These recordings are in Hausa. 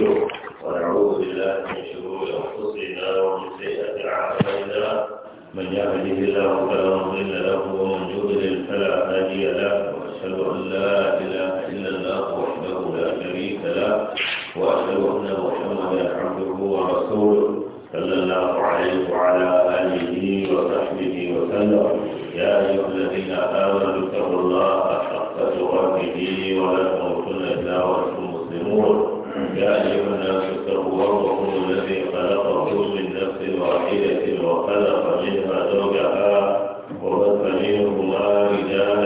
ونستغفره ونعوذ بالله من شرور أنفسنا ومن سيئات من يهده الله فلا مضل له ومن يضلل فلا هادي له وأشهد أن لا أيها الناس اتقوا ربكم الذي خلقكم من نفس واحدة وخلق منها زوجها وبث منهما رجالا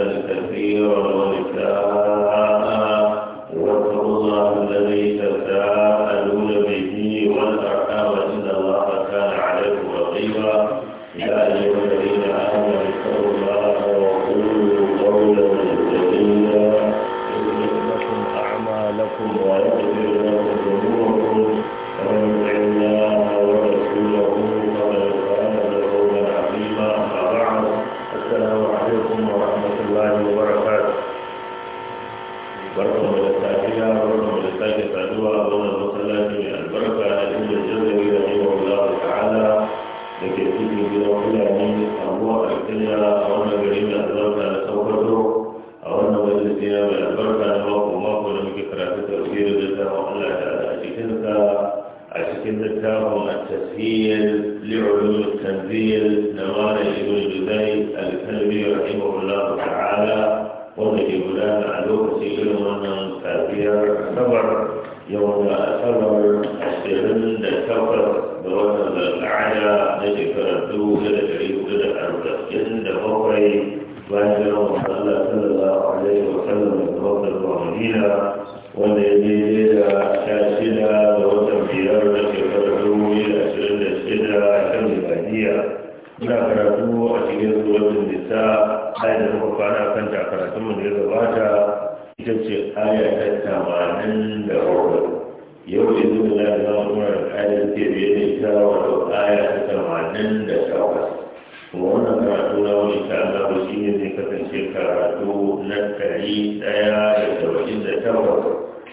wannan safiyar asabar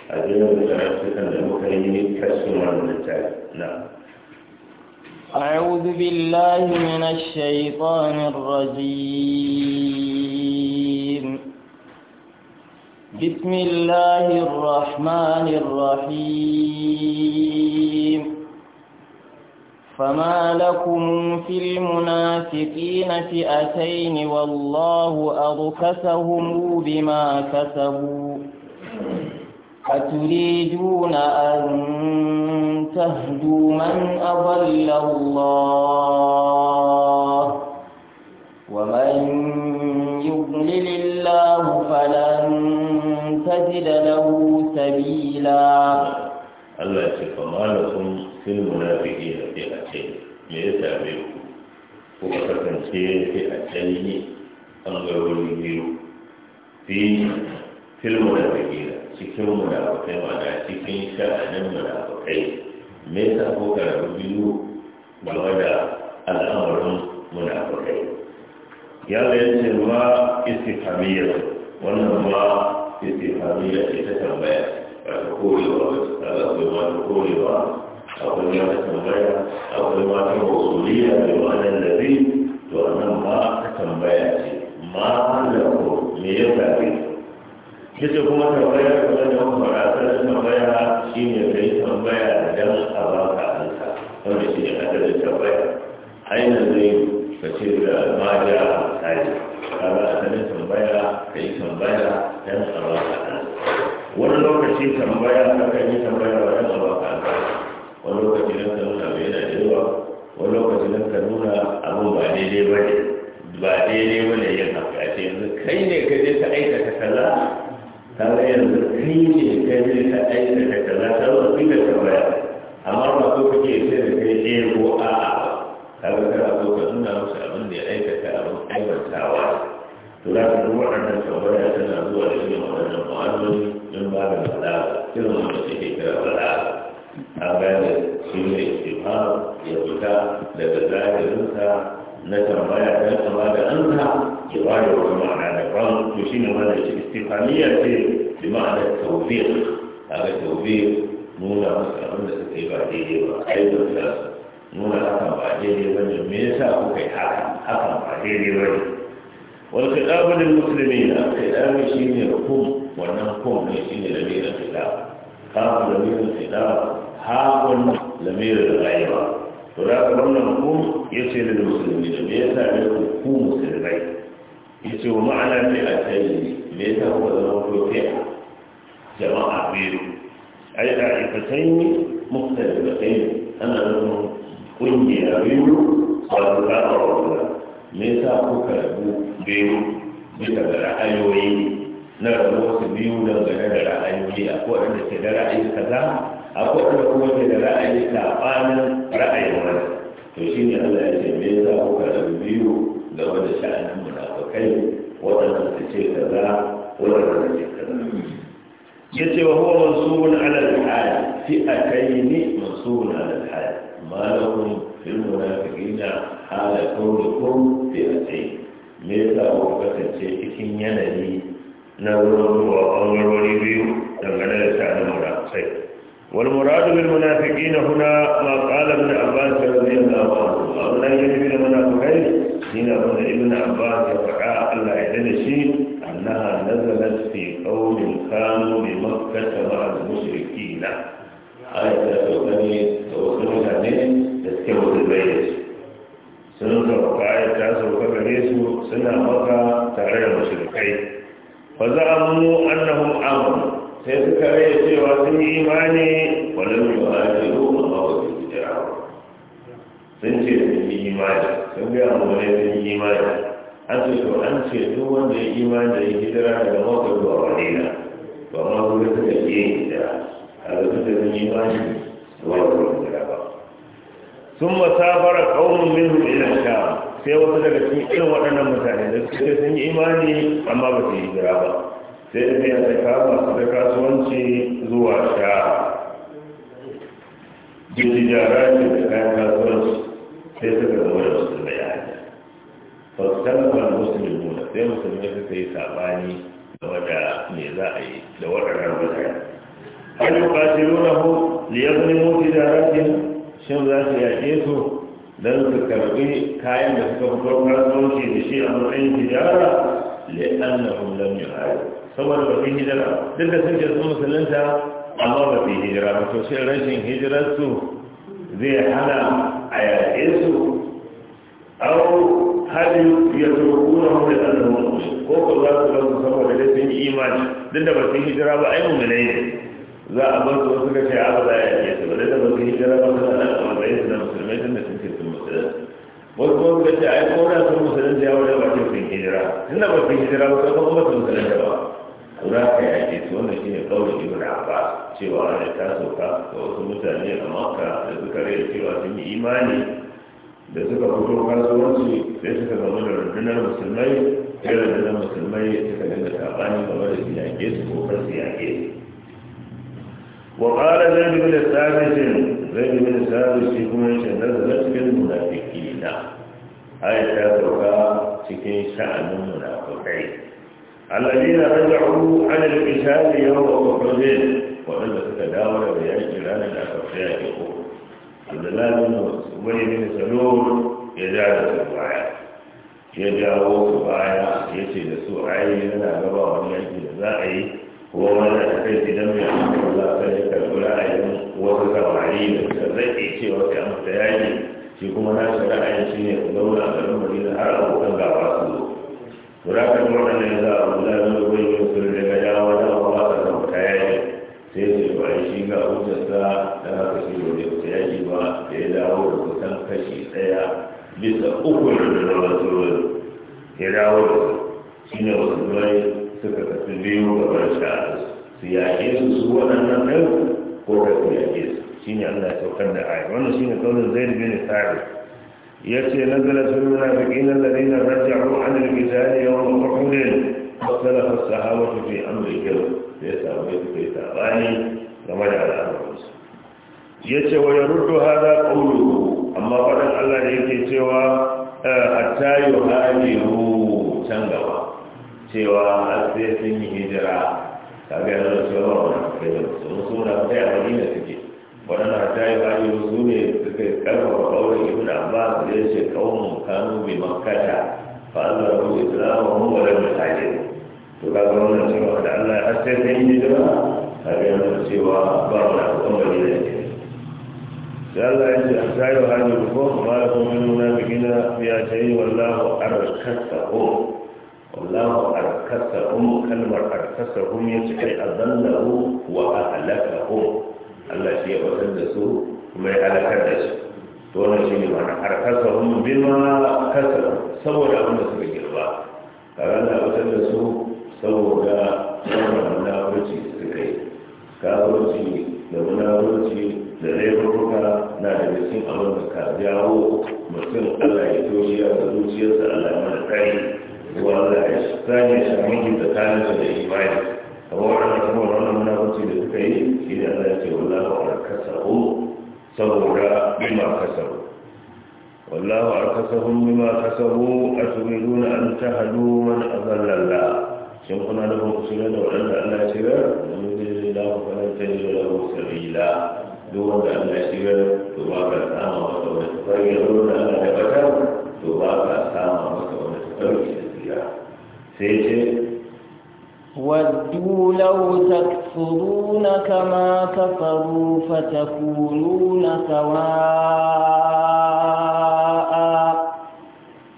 a jerin karatukan da muka yi kasin wannan tare na أعوذ بالله من الشيطان الرجيم بسم الله الرحمن الرحيم فما لكم في المنافقين فئتين والله أركسهم بما كسبوا أتريدون أن تهدوا من أضل الله ومن يضلل الله فلن تجد له سبيلا الله يتفهم لكم في المنافقين في فئتين ليس منكم في فئتين أنظروا في في المنافقين cikin munafukai mana cikin sha'anin munafukai me yasa ko karatu biyu game da al'amarin munafukai ya ce ma istifhamiyya wannan ma istifhamiyya ce ta tambaya ba ta korewa ba ta akwai ma ta korewa akwai ma ta tambaya akwai ma ta mausuliya da ma'anar lari to wannan ma ta tambaya ce ma da ko me ya faru yace kuma tambaya kuma da mafara sanin tambaya shi ne ka yi tambaya don a ba ka alka wanda shi ne da tambaya ainihin zai ka ce da maja tare kaga asalin tambaya ka yi tambaya don a ba ka wani lokaci tambaya ka yi tambaya wa don a ba ka wani lokaci don ka nuna mai yana da yawa wani lokaci don ka nuna abin ba daidai ba ne ba daidai ba ne yin haka a ce yanzu kai ne ka je ka aikata kaza kaga yanzu kai ne kai ne ka aikata kaza ta zo kai ka tambaya amma ba ko kake sai da kai eh ko a kaga kana so ka nuna musu abin da ya aikata abin aiwantawa to za ka duk waɗannan tambaya tana zuwa da irin waɗannan ma'anoni don ba da bala'a irin wanda take kira bala'a a gane shi ne istifam ya fita daga zahirinsa na tambaya ta kama da ansa جوار ومعنى الإكرام يشين هذا الشيء استفهامية بمعنى التوفيق هذا التوفيق مولا مسلمان ستفاديه وأيضا ثلاثة مولا حكم بعجيه وجه ميسا وكي حكم حكم بعجيه وجه والخطاب للمسلمين الخطاب يشين يرحوم ونحكم يشين لمير الخطاب خاف لمير الخطاب حاق لمير الغيبة ولكن هنا نقوم يسير المسلمين ميسا يرحوم سلمين yace wa ma'ana ne a tsayi me yasa ku zama ku fiya jama'a biyu ai da ifatayn mukhtalifatayn ana nufin kungiya biyu ba su tsara wa me yasa kuka rabu biyu bisa ga ra'ayoyi na rabuwa su biyu dangane da ra'ayoyi akwai wanda ke da ra'ayi kaza akwai wanda kuma ke da ra'ayi saɓanin ra'ayin wani to shi ne allah ya ce me yasa kuka rabu biyu game da sha'anin munafiki kai waɗanda su ce kaza waɗanda su ce kaza ya ce wa huwa mansubun ala al-aya fi akaini mansubun ala al-aya malakum fil munafiqina hala qawlukum fi atayn me yasa ku kasance cikin yanayi na ruwan ruwa ɓangarori biyu dangane da tsarin murakai والمراد بالمنافقين هنا ما قال ابن عباس رضي الله عنه أولا يجب حين هنا ابن عباس يفعى الا يدل شيء أنها نزلت في قوم كانوا بمكة مع المشركين آية تسوكني توصلوا تاني تسكبوا البيت سنوكا آية تسوكا بيسو سنة مكة تغير المشركين فزعموا أنهم آمنوا sai su ya ce wa sun yi imani walam yi wa ake ruwa a wasu hijira sun ce sun yi imani sun gaya mu ne sun yi imani an ce to an ce duk wanda ya yi imani da ya yi hijira daga mawaka zuwa madina ba ma su da suka yi hijira a lokacin da sun yi imani da zuwa zuwa hijira ba sun masafara kaunin minhu ila sha sai wasu daga cikin irin waɗannan mutane da suka sun yi imani amma ba su yi hijira ba sai tafiya ta kama su da kasuwanci zuwa sha jirgin jara ne da kayan kasuwanci sai suka zama da wasu da yaya fasikan ban musulmi muna sai musulmi suka yi sabani da wada ne za a yi da waɗannan mutane har yi kwashe nuna ko liyar nemo tijaratin shin za su yaƙe su don su karɓi kayan da suka fito kasuwanci da shi a matsayin tijara لأنهم لم yuharibu saboda ba su hijira duk da sun ce sun musulunta amma ba su hijira ba to shin rashin hijirarsu zai hana a yaƙe su au hadu ya turku na da al'umma ko ko za su zama su saboda dai sun yi imani duk da ba su hijira ba ai mummunai ne za a bar su wasu kace a ba za a yaƙe su ba duk da ba hijira ba suna nan a matsayin su na musulmai tun da sun ce sun musulunta wasu kuma suka ce ai ko da sun musulunta ya wuce ba sun hijira tun da ba su hijira ba sai kuma ba su musulunta ba za ka yaƙe su wanda shi ne kawai ibn abbas cewa wani ta sauka ga wasu mutane a maka da suka rai cewa sun yi imani da suka fito kasuwanci sai suka zama da rundunar musulmai sai rundunar musulmai suka dinga saɓani game da su yaƙe su ko kan su yaƙe su وقال زيد بن ثابت زيد بن ثابت في كمان نزلت في المنافقين آية تاسوكا cikin sha'anin munafikai الذين رجعوا عن القتال يوم أحد وأن تتداول بيان جلال الأخفياء يقول الدلال بن ولي بن سلول يجعل سبعا يجاو سبعا يشي لسوعي لنا غبا وليأتي لزائي هو ما لا تكيت دم يحمد الله فلك الأولى وذكر علي بالسرقي شيء وكأمر تياجي شيء كما ناشر عين شيء لولا أن المدينة هرأوا كان قاعد ولكن وانا اذا الله يقول يسر لك يا ولا الله لو كان سيدي وعيشي ga hujjarsa da haka shi ne ya yi ba da ya dawo da kusan kashi daya bisa uku da na wasu ya dawo da shi ne wasu zuwai suka kasu biyu gaban sha'arsu su yaƙe su su waɗannan ɗaya ko ka su yaƙe su shi ne allah saukar da aya wannan shi ne kaunin zai bin tsari yace nazala sunna da kinan da dinar raja'u an al-qital yawm uhud fasala as-sahaba fi amri jaw ya sabu ta ta bani kama da al-amrus yace wa yurdu hadha qawlu amma qadan Allah ne yake cewa hatta yuhajiru tangawa cewa har sai sun yi hijira kaga da cewa wannan kaje sun sura ta yi ne take wannan hatta yuhajiru sune suka yi karfafa kaurin ibn abbas da ya ce kaunin kanu bi makkata fa allah ku islamu mu wa lam yahajir to ka ga wannan cewa da allah ya sai sai yi da ka ga wannan cewa ba wani abu kan bari da ke da allah ya ce a sayo hajji ko ma da kuma yin munafikina ya ce yi wallahu arkasa ko wallahu arkasa um kalmar arkasa um ya ce kai azallahu wa ahlakahum Allah shi ya batar da su kuma ya halakar da su to wannan shi ne mana har kasa hun bima kasa saboda abin da suka girba kaga na wata da su saboda saboda munafurci da suka kai. kafurci da wuce da laifuka na da cikin abin da ka jawo mutum Allah ya toshiya da zuciyarsa Allah ya mana kai zuwa Allah ya shi shamin da kanin da imani kamar wannan kuma wannan munafurci da suka yi shi da Allah ya ce wallahi wa kasahu saboda bima kasabu wallahu arkasahum bima kasabu aturiduna an tahdu man adalla Allah shin kuna da ku shirye da wanda Allah ya shirye da mun yi da ku kana tayi da ku sabila duk wanda Allah ya shirye to ba ka samu wata wani fari da wanda Allah ya bata to ba ka samu wata wani fari da siya sai ce ودوا لو تكفرون كما كفروا فتكونون سواء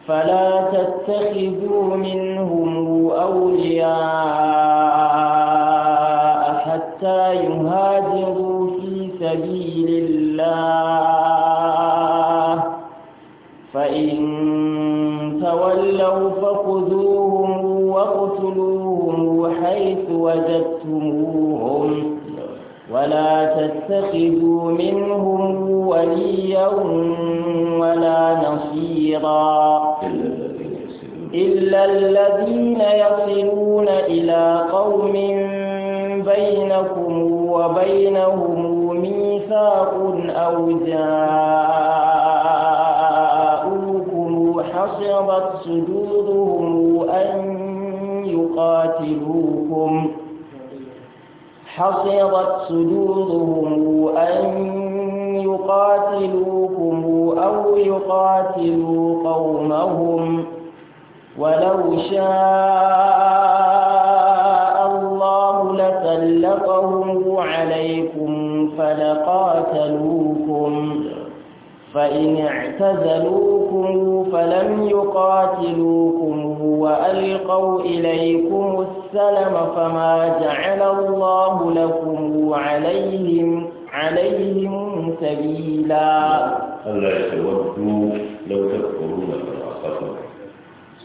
فلا تتخذوا منهم أولياء حتى يهاجروا في سبيل الله فإن تولوا فخذوا حيث وجدتموهم ولا تتخذوا منهم وليا ولا نصيرا إلا الذين يصلون إلى قوم بينكم وبينهم ميثاق أو جاءوكم حصرت صدورهم أن يقاتلوكم حصرت صدورهم أن يقاتلوكم أو يقاتلوا قومهم ولو شاء الله لسلطهم عليكم فلقاتلوكم فإن اعتزلوكم فلم يقاتلوكم وألقوا إليكم السلم فما جعل الله لكم عليهم عليهم سبيلا الله يتودوا لو تكفرون فرعصكم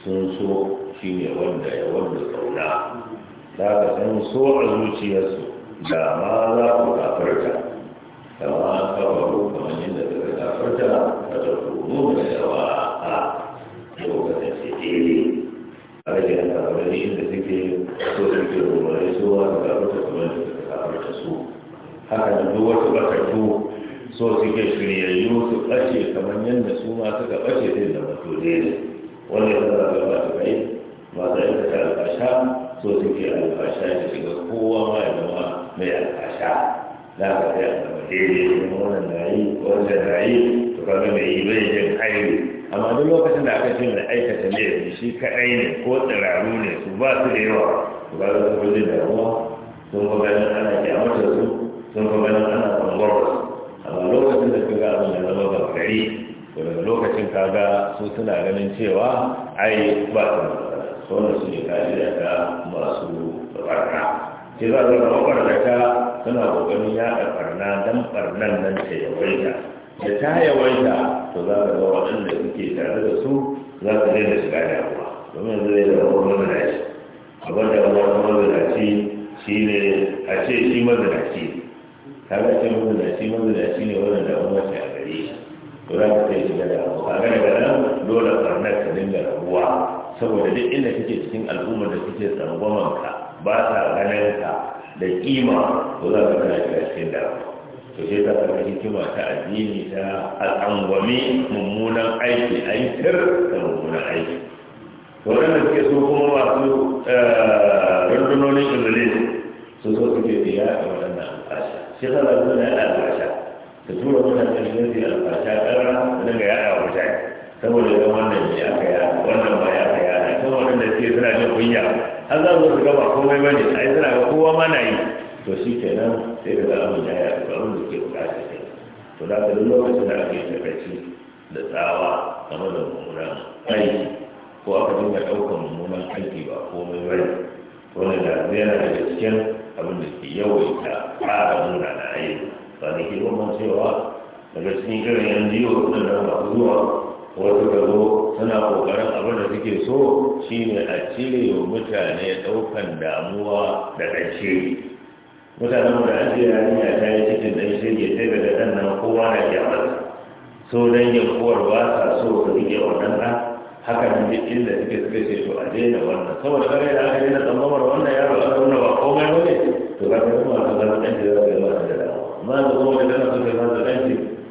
سنسو شيء يود يود قولا لا تنسو عزوتي يسو لا ما لا تكفرت كما كفروا كما يندفع kafarta ba ta kuma da yawa a yau ka tafi daidai a rage na kafarta inda suke so suke rumare su wa da kafarta su wanda suka kafarta su haka da duk wata bakartu so suke shiryayyu su ɓace kamar yadda su ma suka ɓace zai zama ne. daidai wanda ya zara ga masu kai masu aikata alfasha so suke alfasha ya shiga kowa ma ya zama mai alfasha za ka sai a tabbace shi wannan na yi wannan na yi to kaga mai yi bai jin hairi amma duk lokacin da aka ce mai aikata laifi shi kaɗai ne ko tsiraru ne su ba su da yawa Su ba su da fi jin damuwa sun fi ganin ana kyamatar su sun fi ganin ana su. amma lokacin da ka ga abin da zama ga gari to daga lokacin ka ga su suna ganin cewa ai ba su da wannan su ne ka'ida ta masu barna. Ke za a zama mabarnata suna ƙoƙarin yaɗa ɓarna don ɓarnan nan ta yawaita da ta yawaita to za ka ga waɗanda suke tare da su za ka daina shiga da damuwa domin yanzu zai da rawar mazinaci abin da rawar mazinaci shi ne a ce shi mazinaci ne ga ce mazinaci mazinaci ne wannan damuwa ce a gare shi to za ka zai shiga da abuwa, a gani daga dole ɓarnar ta dinga rabuwa saboda duk inda kake cikin al'ummar da kake tsangwamanka ba sa ganin ka da kima ko za ka kana shiga cikin da to sai ta kama hikima ta addini ta al'angwame mummunan aiki a yi tir da mummunan aiki waɗanda suke so kuma masu eh, rundunonin iblis su so suke biya a waɗannan alfasha shi ta zaɓi na yaɗa alfasha ta tura mutane da yanzu alfasha ƙara da daga yaɗa mutane saboda ga wannan ya kaya wannan ba ya kaya yaɗa akwai waɗanda suke suna jin kunya an za su ga ba komai ba ne ai suna ga kowa ma na yi to shi kenan sai da abin ya yi abin wanda suke bukata ne to da ka duk lokacin da ake takaici da tsawa game da mummunan aiki ko aka dinga ɗaukar mummunan aiki ba komai ba ne wanda da zai yana daga cikin abin da ke yawaita ƙara nuna na yi ba da ke cewa daga cikin irin yanzu yau da nan ba zuwa wasu ka zo suna kokarin abin da suke so shi ne a cire wa mutane ɗaukan damuwa da shiri. mutanen da ake rayuwa ta yi cikin dan shirye sai daga ɗan nan kowa na gyara so yin kowar ba sa so su rike wannan ɗan haka nan duk inda suke suke ce to a daina wannan saboda kare da aka daina tsammamar wannan yaro a nuna ba komai ba ne to ka kai kuma ka zama ɗan da za ka yi wannan da damuwa amma da kuma da kana so ka zama ɗan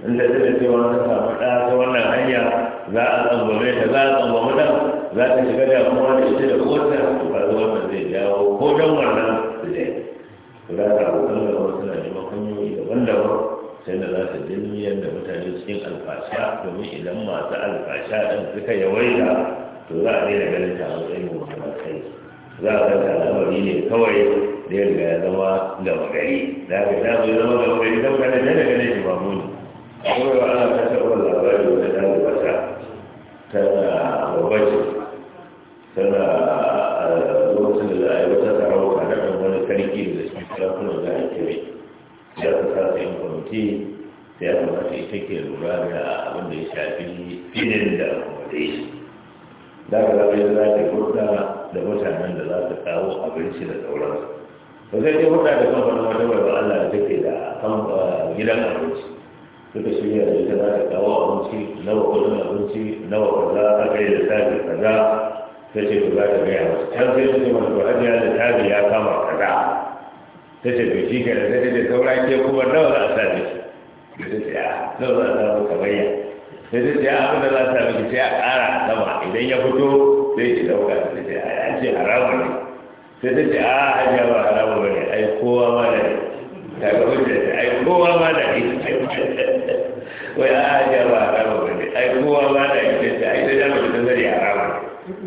in da zai ce wannan samu ɗa ta wannan hanya za a tsangwame ta za a tsangwame ta za ta shiga da kuma da ita da kowace to ba zuwa wannan zai jawo ko don wannan su ne to da ka abokan gaba suna neman hanyoyi daban-daban sai da za ta dilmiyar da mutane cikin alfasha domin idan masu alfasha ɗin suka yawaita to za a daina ganin ta a matsayin mutum kai za a ga al'amari ne kawai da ya riga ya zama gaba gari da ga ya zo zama gaba gari don ganin da daga ne shi ba muni. Akwai wa ana kasar wani labari wata dalibata tana waje tana lokacin da za a yi wata sarauta na ɗan wani sarki da cikin sarakunan za a kire ya ka sa ta yin kwamiti sai ya kamata ita ke lura da abin da ya shafi filin da accommodation da ka zaɓe da za ta hulɗa da mutanen da za ta kawo abinci da sauransu ba zai dai hulɗa da kamfanin wani wani Allah da take da gidan abinci suka shirya da ita za ta kawo abinci nawa kudin abinci nawa kaza aka yi lissafi kaza ta ce to za ta gaya masu can sai su ce masu da lissafi ya kama kaza ta ce to shi kenan sai ta ce saura ke kuma nawa za a sa miki ta ce nawa za a sa miki ta ce a abin da za a sa miki sai a ƙara sama idan ya fito sai ki ɗauka ta ce a yace ce haramun ne ta ce a hajiya ba haramun ne ai kowa ma ne daga ai kowa ma da wai a ajiya ba a rama ba ne ai da ta ta a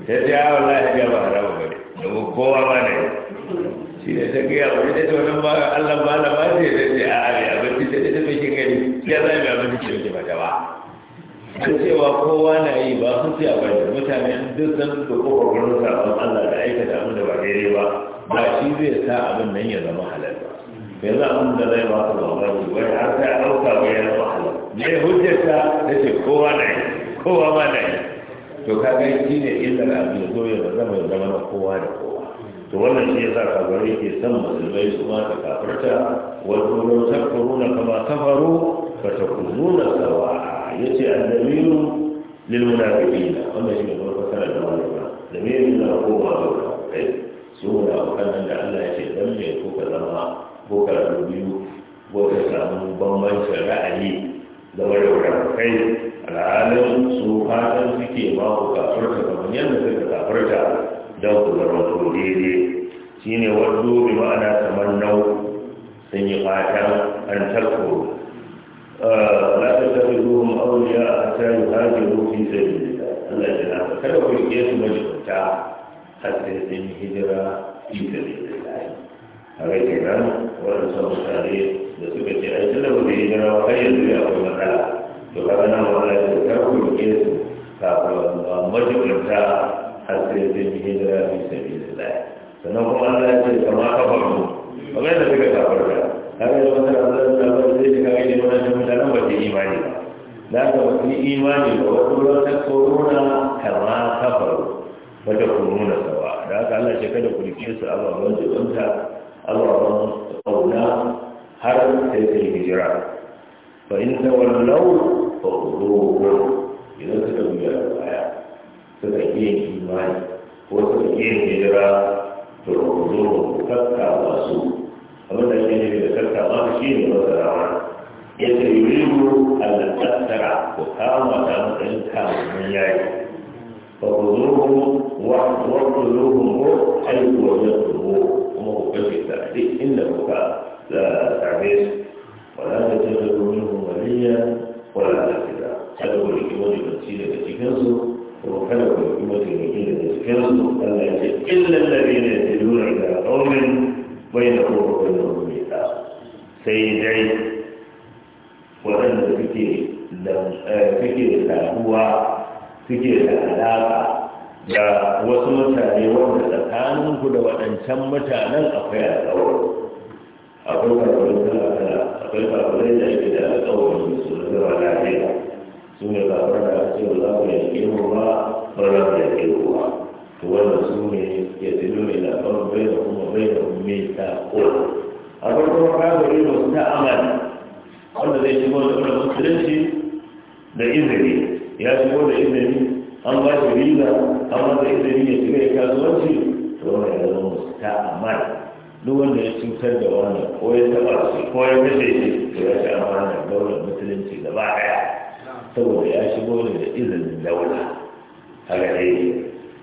ta ce a wala ajiya ba a rama ba ne domin kowa ma da shi ne ta gaya ba na ba ce ta a abi ta gani ya ce ta ta cewa kowa na yi ba su a mutane duk da wurin sabon allah da aikata abin ba daidai ba ba shi zai sa abin nan ya zama halal da yanzu mun da zai ba su mamaki wai har sai a ɗauka wai ya zama halal ne hujjata ta ce kowa na yi kowa ma na yi to ka ga shi ne illar abin da zoye da zama zama na kowa da kowa to wannan shi ya sa kafirai ke san musulmai su ma ta kafirta wa dole takfuruna kama kafaru fa takununa sawa yace annabiyyu lil munafiqina wannan shi ne farko sanar da wannan da me yana kowa da kai su da wannan da Allah ya ce dan me ko ka zama ko karatu biyu ko ka samu bambancin ra'ayi game da rarrakai alhalin su fatan suke ba ku kafarta kamar yadda suka kafarta don ku zama to daidai shi ne wadda bi ma'ana kamar nau sun yi fatan an tarko eh, la ta tafi ruhun auliya a ta yi hajji rufi sai Allah ya kada ku rike su majibta har sai sun hijira fi sabili a ke nan wani sun mutane da suka ce ai tunda ba yi gana ba har yanzu ya akwai matsala to ka gana wani ya ce kar ku rike su kafin majibarta har sai sun yi hijira fi sabi da lai sannan kuma Allah ya ce kama kafar mu kamar yadda suka kafar ka kaga da wata ranar da ba zai ji kaga ne wannan mutanen ba su imani ba da ka ba su imani ba wasu wata korona kama kafar wata korona sawa da haka Allah ce kada ku rike su ababen jibinta الرغم قولا هل تلك الهجرة فإن تولوا فأخذوهم إذا تتبعوا إلى الآية الماي إيمان وتتبعين الهجرة فأخذوهم فتا واسو أما تجين إلى فتا واسو مثلا يتريد أن تأثر وقام دم إنك من يعي فخذوه وقتلوه حيث وجدتموه kuma hukuncin da duk inda kuka same su wala ta da domin humaniya wala ta ce da kada ku daga cikinsu kuma kada ku riƙi daga cikinsu Allah ya ce illan da ne da ya da bai da kuma sai dai waɗanda suke da eh, da saduwa da da wasu mutane wanda tsakanin ku da waɗancan mutanen akwai a alƙawari akwai kafirai kala-kala akwai kafirai da ake da tsawon su da zama lafiya su ne kafirai da ake da za ku yi mu ba ba za mu ruwa. ba to wannan su ne ya zilu mai labarin bai da kuma bai da mai ta ka ga kuma kafirai ta ta'amal wanda zai shigo da wani musulunci da izini ya shigo da izini an ba shi riga an wanda izini ya shiga ya kasuwanci to wannan ya zama ta amma duk wanda ya cutar da wannan ko ya taɓa su ko ya kashe shi to ya ci amanar daular musulunci gaba ɗaya saboda ya shigo ne da izinin daula haka dai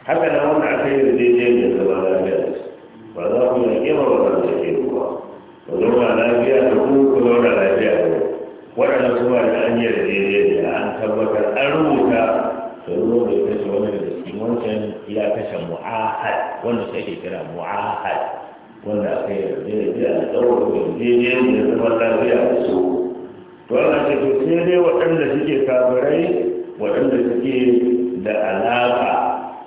haka na wanda aka yi da zama lafiya da ba za ku yaƙe ba ba za ku yaƙe ba zama zauna lafiya da ku ku zauna lafiya da ku waɗanda kuma da an yi yarjejeniya an tabbatar an rubuta da ruwan da ya kashe wani da shi wancan ya kashe mu'ahad wanda su ake kira mu'ahad wanda aka yi yarjejeniya da tsawon yarjejeniya da zaman lafiya da su to ana ce to sai dai waɗanda suke kafirai waɗanda suke da alaƙa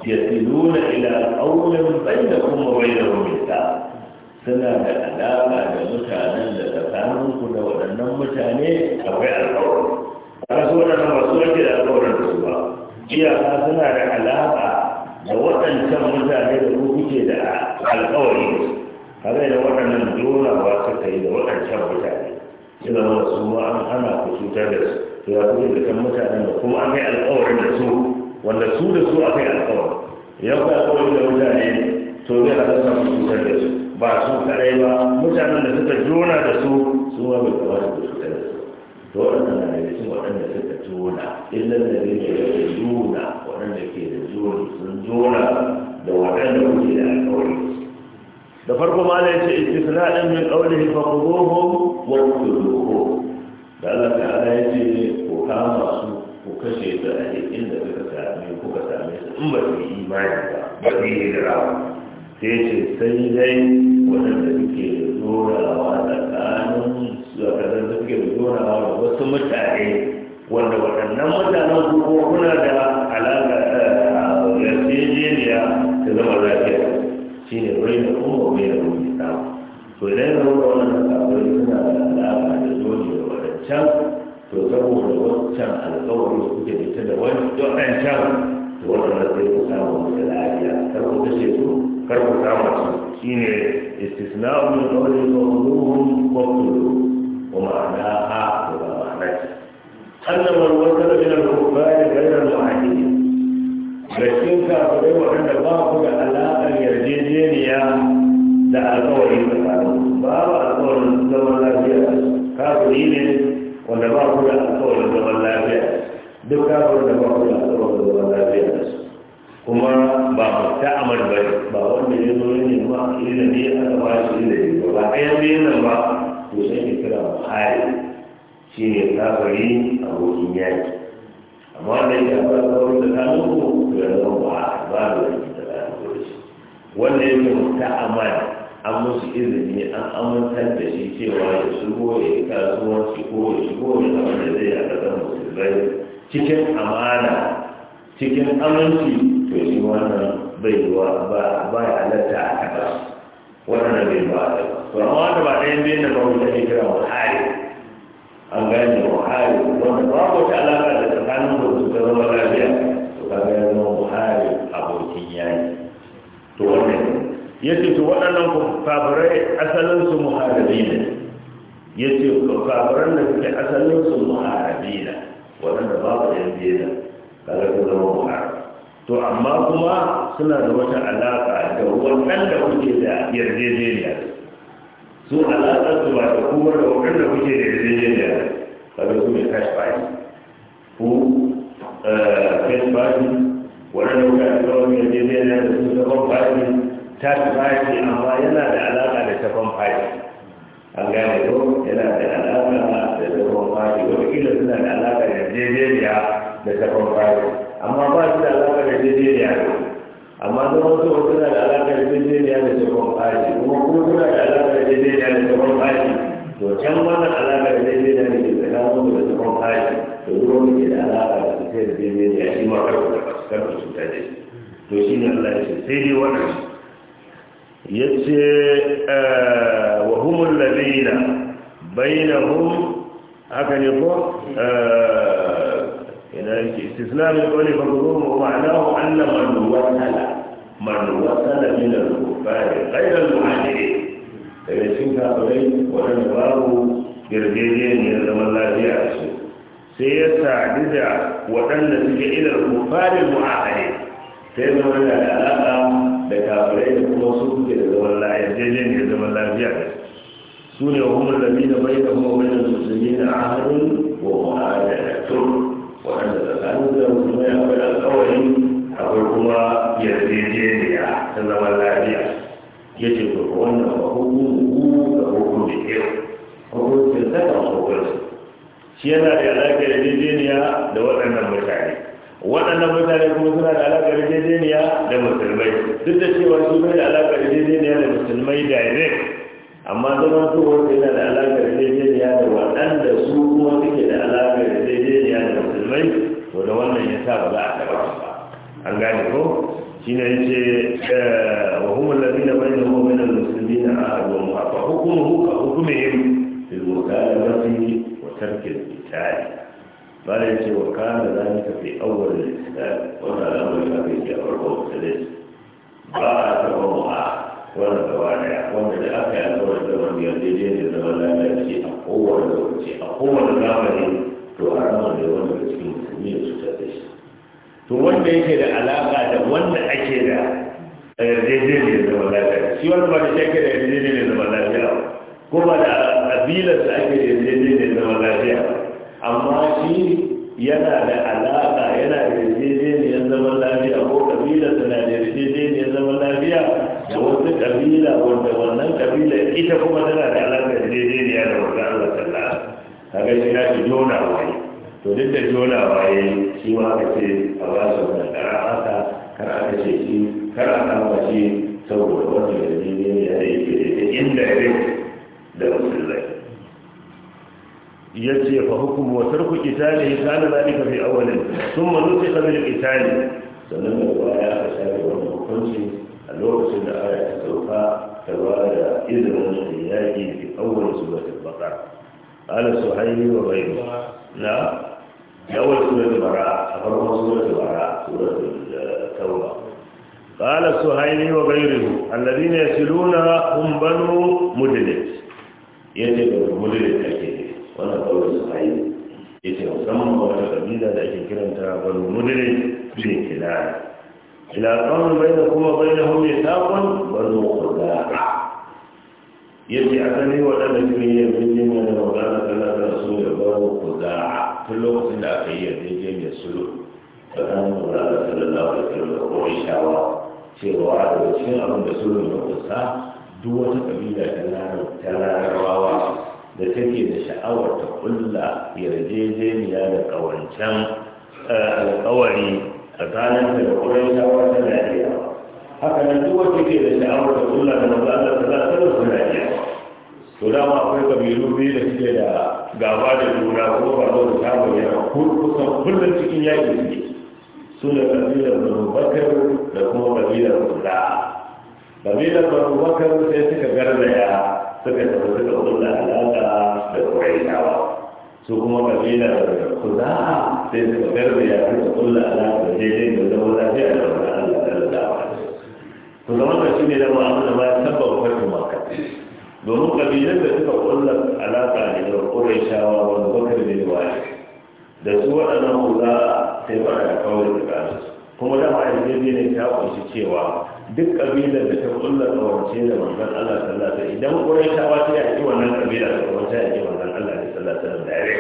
ya tiluna ila ƙaunin da kuma bayyana rumita suna da alaƙa da mutanen da tsakaninku da waɗannan mutane akwai alƙawari. Kasu waɗannan ba su ake da alƙawarin da su ba, iyaka suna da alaƙa da waɗancan mutane da ku kuke da alƙawari kare da waɗannan dorawa suka yi da waɗancan mutane ya zama su ma an hana ku cutar da su to ya kuma da kan mutanen da kuma an yi alƙawarin da su wanda su da su aka yi alƙawari ya ka alƙawarin da mutane to zai halatta su cutar da su ba su kaɗai ba mutanen da suka jona da su su ma bai kamata su cutar da su to wannan na daga cikin waɗanda suka tona illan da ne da yake juna waɗanda ke da juna sun juna da waɗanda kuke da alƙawari da farko ma da yace istisna'in min qawlihi fa quduhu wa quduhu da Allah ta'ala yace ko kama su ko kashe su a cikin da suka same kuka sami su in ba su imani ba ba su yi rawa sai ce sai dai waɗanda suke da zorawa tona wa wasu mutane wanda waɗannan mutanen ko kuna da alaƙa yarjejeniya ta zama lafiya shi ne bai da kuma bai da kuma ta to idan ya zama wannan kafin suna da alaƙa da zoji da waɗancan to saboda wancan alƙawari suke da ita da waɗancan to waɗannan sai ku samu da lafiya kar ku kashe su kar ku kama su shine istisna'u min qawli fa'dhuhum wa qtuluhum ومعناها ومعناها أن من وصل من الكفار غير المعاهدين لكن كافرين وعند باقوا علاقة أن يجدين يا فكانوا بابا قول زمن لا فيها كافرين وأن باقوا قول زمن لا فيها duk kafin da لا ku da tsoro da zama lafiya da su kuma ba ku ta amal ba ba wanda ya zo ne to sai ke kira hari shi ne kafari abokin yaki amma wannan ya fara kawai da kanu ko da zama ba ba da wani da kanu da shi wannan ya mutu amana an musu izini an amintar da shi cewa ya shigo ya yi kasuwanci ko ya shigo ya zama da zai a ƙasar musulmai cikin amana cikin aminci to shi wannan bai yiwa ba ya halatta a kaɗa wannan bai ba da to amma wanda ba ɗayan biyan da babu ta kira wahari an gane wahari wanda babu ta alaƙa da tsakanin da su ta zama lafiya to ka ga ya zama wahari abokin yayi to wannan ya ce to waɗannan kafirai asalinsu muharabi ne ya ce kafiran da suke su muharabi ne waɗanda babu ɗayan biyan da kaga ta zama wahari to amma kuma suna da wata alaƙa da waɗanda kuke da yarjejeniya su alaƙar su ba da kuma da waɗanda kuke da yarjejeniya da su ne cash price ko eh, cash price wadanda kuka da kawai yarjejeniya da su tafan price tax price amma yana da alaƙa da tafan price an gane ko yana da alaƙa da tafan price wata kila suna da alaƙa da yarjejeniya da taɓon fari amma ba su da alaƙa da jejeriya amma zama su wasu na da alaƙa da jejeriya da taɓon fari kuma kuma suna da alaƙa da jejeriya da taɓon fari to can wannan alaƙa da jejeriya da ke tsakanin da taɓon fari to zuwa muke da alaƙa da su sai da jejeriya shi ma karku da karku su ta da shi to shi ne Allah ya ce sai dai wannan ya ce eh, wa humul ladina bainahum haka ne ko eh, ina yake istisna min qawli maghrum wa ma'nahu anna man wasala man wasala min al-kufar ghayr al-muhajirin daga cikin kafirai wadanda babu yarjejeniyar zaman lafiya a su sai ya sadu da waɗanda suke ilar kufarin mu'ahari sai zama da alaƙa da kafirai da kuma su kuke da zaman lafiya yarjejeniyar zaman lafiya da su ne wa kuma da bai da bai da kuma wajen musulmi na ahadun wa mu'ahari da turu waɗanda tsakanin da mutumai akwai alkawari akwai kuma yarjejeniya ta zaman lafiya ya ce to wannan ba hukumu da hukumu da yau hukuncin ta kan hukunci shi yana da alaƙar yarjejeniya da waɗannan mutane waɗannan mutane kuma suna da alaƙar yarjejeniya da musulmai duk da cewa su bai da alaƙar yarjejeniya da musulmai direct amma zaman su wanda yana da alaƙar daidaiya da waɗanda su kuma suke da alaƙar daidaiya da musulmai to da wannan ya sa ba za a taɓa ba an gane ko shi ne ce eh, wa da lalina bayan mu'minan musulmi na ahadu wa fa hukumu ka hukume yin bil mukalafati wa tarkil itali ya ce wa kana zalika tafi awwal al-islam wata alamar ya fi awwal ta islam ba a mu wa wannan gaba daya wanda da aka yi alƙawarin da wanda ya daidai ne zama lalace a kowane lokaci a kowane zamani to a haramun ne wanda da cikin musulmi da cutar da shi to wanda yake da alaƙa da wanda ake da daidai ne zama lafiya shi wanda ba da shi da daidai ne zama lafiya ko kuma da ƙabilarsa ake da daidai ne zama lafiya amma shi yana da alaƙa yana da yarjejeniyar zaman lafiya ko kabila tana da yarjejeniyar zaman lafiya da wasu kabila wanda wannan kabila ita kuma tana da alaƙa yarjejeniya da wata Allah sallah ga shi ya jona waye to duk da jona waye shi ma aka ce a ba su wani kara haka kar aka ce shi kar a kama shi saboda wannan yarjejeniya da yake da inda ya da musulmai yace fa hukumu wa tarku qitali kana zalika fi awwalin thumma nutika bil qitali sannan da baya aka shafe wannan hukunci a lokacin da aya ta sauka ta ba da izinin yaƙi fi awwal suratul baqara ala suhayyi wa ghayru na awwal suratul baqara a farkon suratul baqara suratul eh, tauba قال السهيلي وغيره الذين يسلون هم بنو مدلج يتبع مدلج wannan kawai su hayi ya ce musamman a wata kabila da ake kiranta banu mudire ne kilaya ila kawon bai da kuma bai da hume takon banu kudara ya ce a sani waɗanda kiri ya fi yi mana magana kala da su da banu kudara tun lokacin da aka yi yarjejeniyar sulhu tsakanin kudara sallallahu alaihi wasallam da kuma shawa cewa da cikin abin da sulhu ya kusa duk wata kabila ta larabawa da take da sha'awar ta kulla yarjejeniya da kawancan eh, alkawari tsakanin da kuren shawar ta lafiya haka nan duk wata ke da sha'awar ta kulla da maza da ta za ta rasu lafiya to ma akwai kabilu biyu da suke da gaba da juna ko ba zo da shawar yana kusan kullum cikin yaƙi suke su da kabilar da kuma kabilar kula kabilar zanubakar sai suka garzaya suka tafi suka kula da ƙwaitawa su kuma kabilar kuza sai suka da zama da da zama ka shi da kabilar da suka kula alaƙa da ƙwaitawa ne da waɗannan da kuma dama ta duk kabilar da ta kulla kawance da manzon Allah sallallahu alaihi wasallam idan Qurayshawa ta yaki wannan kabila da kawance ta yaki manzon Allah sallallahu alaihi wasallam dare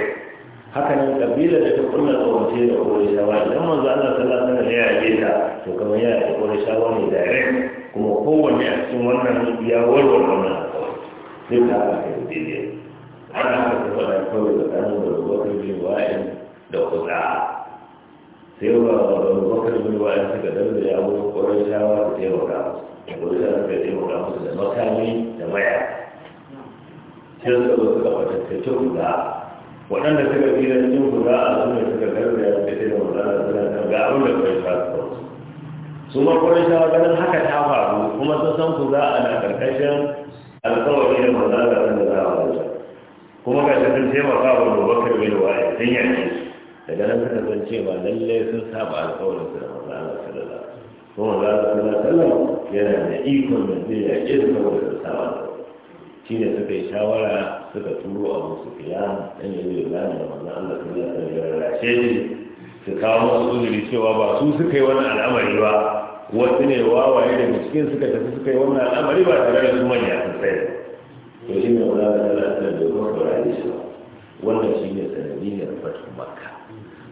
haka nan kabilar da ta kulla kawance da Qurayshawa idan manzon Allah sallallahu alaihi wasallam ya yaki ta to kamar ya yaki Qurayshawa ne dare kuma kowanne a cikin wannan ya warware wannan duk da haka ke daidai ana haka ta faɗa kawai tsakanin da Abubakar bin Wa'il da Khuza'a sai ba bakar bin bayan suka dambe ya abu ƙwarar shawa da taimaka musu da suka taimaka musu da makami da maya sai suka zo suka fatattace guda waɗanda suka fi da cikin guda a suna suka garba ya suka ce da suna kan ga abin da ƙwarar shawa suka wasu su ma ƙwarar shawa ganin haka ta faru kuma sun san ku za a na ƙarƙashin alƙawari da magana da za a wajen kuma ga shi sun taimaka wa bakar bin bayan sun yanke su daga nan suka san cewa lallai sun saba alƙawarin su da manzo Allah sallallahu alaihi wasallam kuma manzo Allah sallallahu alaihi yana da ikon da zai yaƙe su saboda su saba shi ne suka yi shawara suka turo a musu fiya ɗan yanzu da lana da su Allah sallallahu alaihi wasallam ya rashe su kawo masu uzuri cewa ba su suka yi wani al'amari ba wasu ne wawaye daga cikin suka tafi suka yi wannan al'amari ba tare da su manya sosai sai to shi ne wala da Allah da dogon saurari shi ba batun makka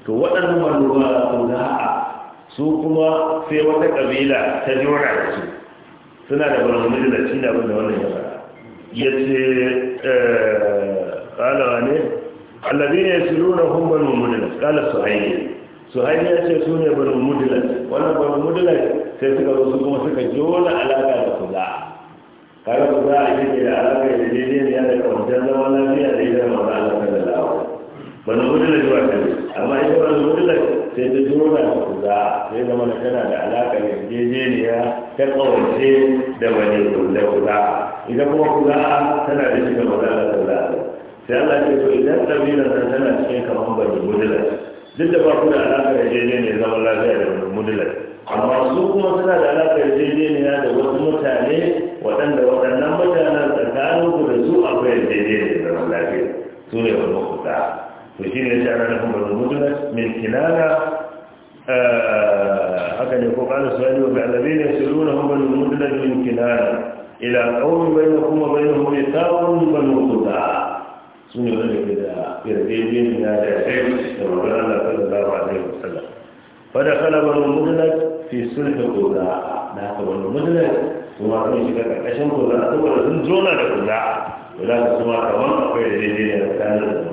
to waɗannan manoma sun za'a su kuma sai wata ƙabila ta jora da su suna da barnamiji da cina abin da wannan ya fara ya ce ƙalawa ne allabi ne su nuna hun barnamiji ƙala su haini su haini ya ce su ne barnamiji wannan barnamiji sai suka zo su kuma suka jona alaƙa da kula kare kuma a za'a yi da alaƙa da daidai ne ya da kwanciyar zama lafiya da ya zama alaƙa da lawa bana da zuwa ta ne amma ita bana da sai ta jona za sai da mana tana da alaƙa ya ta ƙawance da wani da kula. idan kuma kula tana da shi wani maza da kuza sai Allah ce to idan ƙabilar zan tana cikin kamar bana mudula duk da ba ku da alaƙa ne zama lafiya da wani mudula amma su kuma suna da alaƙa da ya da wasu mutane waɗanda waɗannan mutanen tsakaninku da su akwai ne zama lafiya su ne wani kula. فجينا جعل لهم المدنس من كلالة آه، حقا يقول قال سؤالي وبعلمين يسئلونهم المدنس من كلالة إلى قوم بينهم وبينهم يتاون من وقتها سنة الله كده في ربيبين من هذا الشيء ومعنا فضل الله عليه وسلم فدخل ابن المدلج في سلح قوداء ذهب ابن المدلج ثم رمي شكا كشم قوداء ثم رزن زونا لقوداء ولكن ثم رمى في الدين على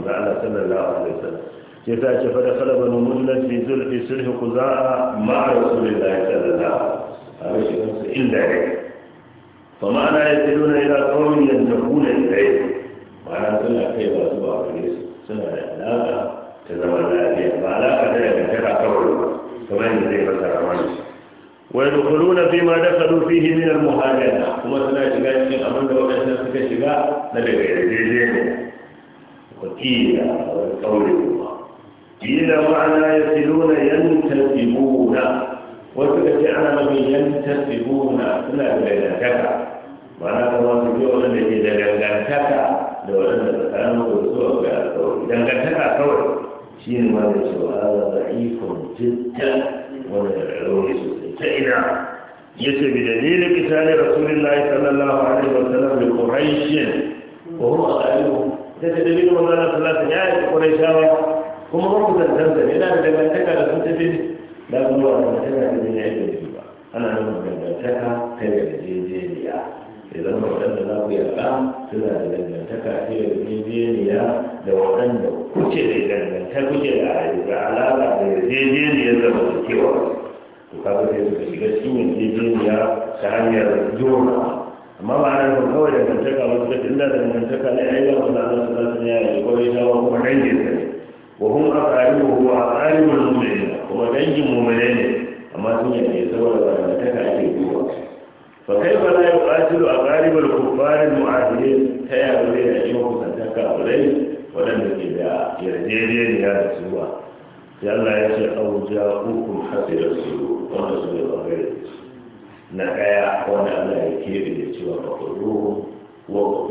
صلى الله عليه وسلم كيف فدخل ابن المدلج في سلح, سلح قوداء مع رسول الله صلى الله عليه وسلم هذا شيء إلا فما لا يصلون إلى قوم ينتهون إليه yadkhuluna fi ma dakhalu fihi min al-muhajara kuma suna shiga cikin abin da wadannan suka shiga na daga yarjejeniya wakila wani kauri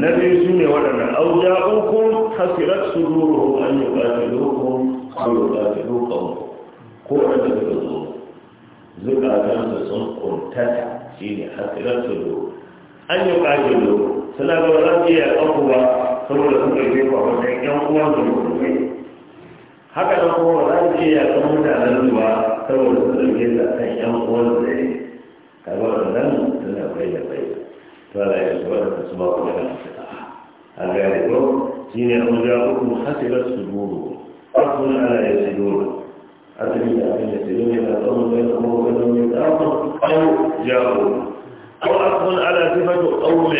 na biyu su ne waɗanda auja uku hasirar su ruru an yi ƙafi ƙatilokun an yi ƙatilokun ko wanda suka zo da sun kuntata shi ne hasirar su ruru an yi ƙafi ƙatilokun suna ga wani yi ƙafu ba saboda suka yi kwa wata yan uwan su ruru haka nan kuma ba za su iya kan mutanen ruwa saboda su ɗauke da kan yan uwan da ne kaga wannan suna bai da bai فلا يزول الاسباب ولا الفتح ذلكم حين اوجاؤكم حسبت صدوركم حق على يسجون ادري ان يسجون الى قوم بينهم وبينهم من اخر او جاؤوا وحق على صفه قوم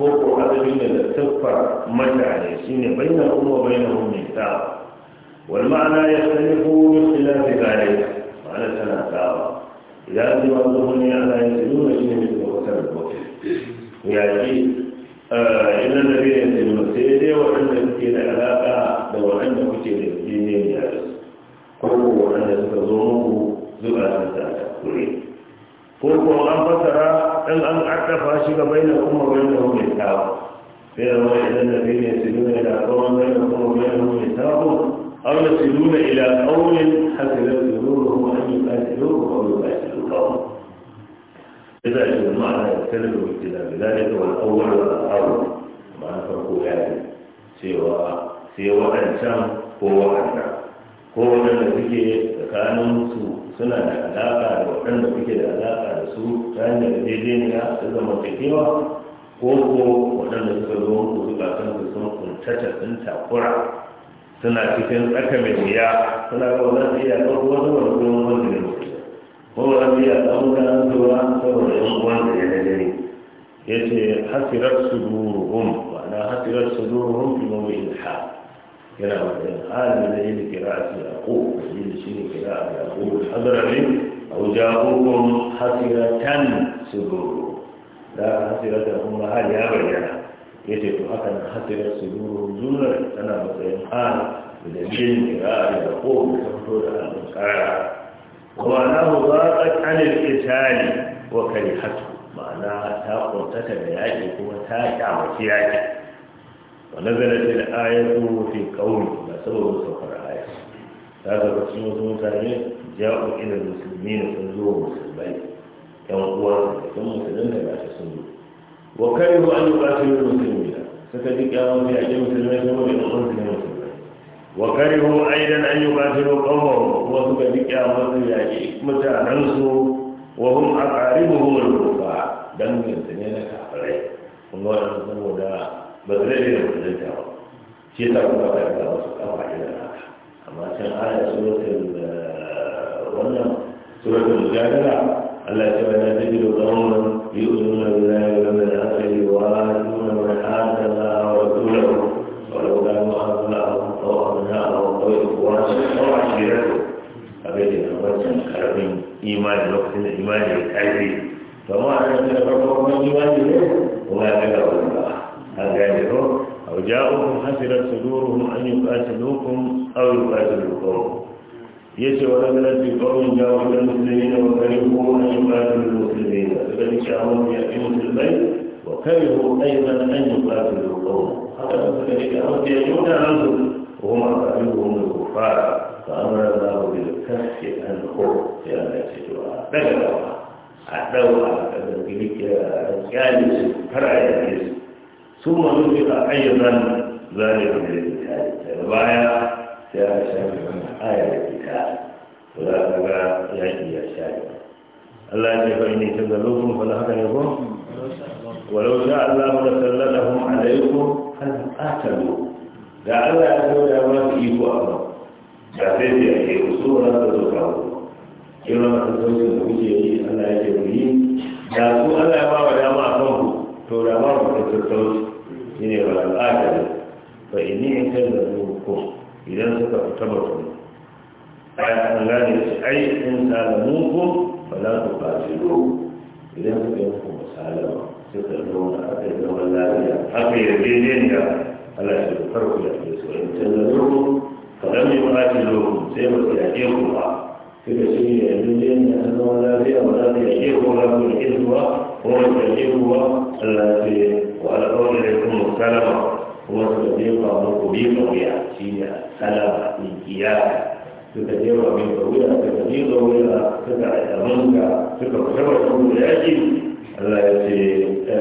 كفر ادري ان السفر عليه حين بينهم وبينهم من اخر والمعنى يختلف باختلاف ذلك على ثلاثة إذا أنتم أنتم على يسجون حين مثل وكتب الوكيل yaki eh, ina da biyan jima sai dai waɗanda suke da alaƙa da waɗanda kuke da jini ya da ko kuma waɗanda suka zo muku zuba su da kure ko ko an fasara ɗan an addafa shi ga bayyana kuma bayyana kuma ta sai da wani idan da biyan jima ya da kawai bayyana kuma da kuma ta أو يصلون إلى قوم حتى لا يزوروهم أن يقاتلوهم أو يقاتلوا قومهم إذا المعنى الكلمة والكلام ذلك هو الأول والآخر معنى فرقه يعني سوى سوى أنسان هو أنسان هو أن فيك tsakanin su suna da alaƙa da waɗanda kuke da alaƙa da su ta hanyar yarjejeniya ta zamantakewa ko ko waɗanda suka zo muku suka san su sun kuntata sun suna cikin tsaka mai suna ga wannan iya ɗauko wani wani wani wani هو أبي أدعوك أنت وأنت والإخوان يعني يتي حسرت صدورهم وأنا حسرت صدورهم في موضع الحال كلام الحال من أجل قراءة يعقوب من أجل شنو قراءة يعقوب الحضرمي أو جاءوكم حسرة صدورهم لا حسرة هم هل يا بيانا يتي فأكن حسرت صدورهم جملة أنا مثلا حال من أجل قراءة يعقوب تفضل أن قراءة ومعناه ضاقت عن القتال وكرهته معنى تاقوتك بياجك وتاكع وكياجك ونزلت الآية في قوم ما سبب سفر الآية هذا رسول الله صلى جاءوا إلى المسلمين فنزوا المسلمين كما هو ثم سلمت ما تسلموا وكرهوا أن يقاتلوا المسلمين ستجد يا رب يا جماعة المسلمين ثم يقاتلوا wa karihu aidan an yuqatilu qawmahum wa suka dika wasu yaki mutanen su wa hum aqaribuhum al-kufa dan ne ne na kafirai kun ga wannan saboda ba zai da mutunta ba shi ta kuma ta ga wasu kafa da haka amma can aya suratul wannan suratul mujadala Allah ya ce imani ƙarfi فما a nan من farko وما كفروا ne الله هل ga أو جاءوكم حسرت صدورهم أن يقاتلوكم أو يقاتلوكم يسوى لنا في قوم جاءوا إلى المسلمين وكرهوا أن يقاتلوا المسلمين فإن شاءهم يأتوا في البيت وكرهوا أيضا أن يقاتلوا القوم هذا كذلك شاءهم يأتون عنهم وهم قاتلوهم الكفار فأمر الله بالكف عن في هذا السجوع بلغها أحدوها كذلك جالس فرع جالس ثم نطق أيضا ذلك من الكتاب الرواية سياسة آية الكتاب ولا يأتي الشاهد الله فإن تزلوكم فلا يكون ولو شاء الله لسلطهم عليكم فلم لعل يا da zai biya na su ba za su kawo kira na kusurcin da kuke yi allah ya ke yi da su allah ya ba wa dama a kan ku to da ba ku tattautauci shi ne ba al'ada ne ba ini in kan da ku idan suka fita ba ku ai an gane shi ai in salamu ku ba za ku ba shi idan suka yi ku musalama suka zauna a yi zaman lafiya Haka aka da allah ya farko da ke so in canza sai ba su yaƙe ku ba sai da shi ne yanzu ne na ta zama lafiya ba za su yaƙe ku ba ku yaƙe ku ba ko ba su yaƙe ku ba Allah ya ce wa alƙawar da kun musalama kuma suka jefa muku bi ka wuya shi ne salama ni kiyaya suka jefa bi ka wuya suka bi ka wuya suka aikamanka suka kusa ba su yaƙi Allah ya ce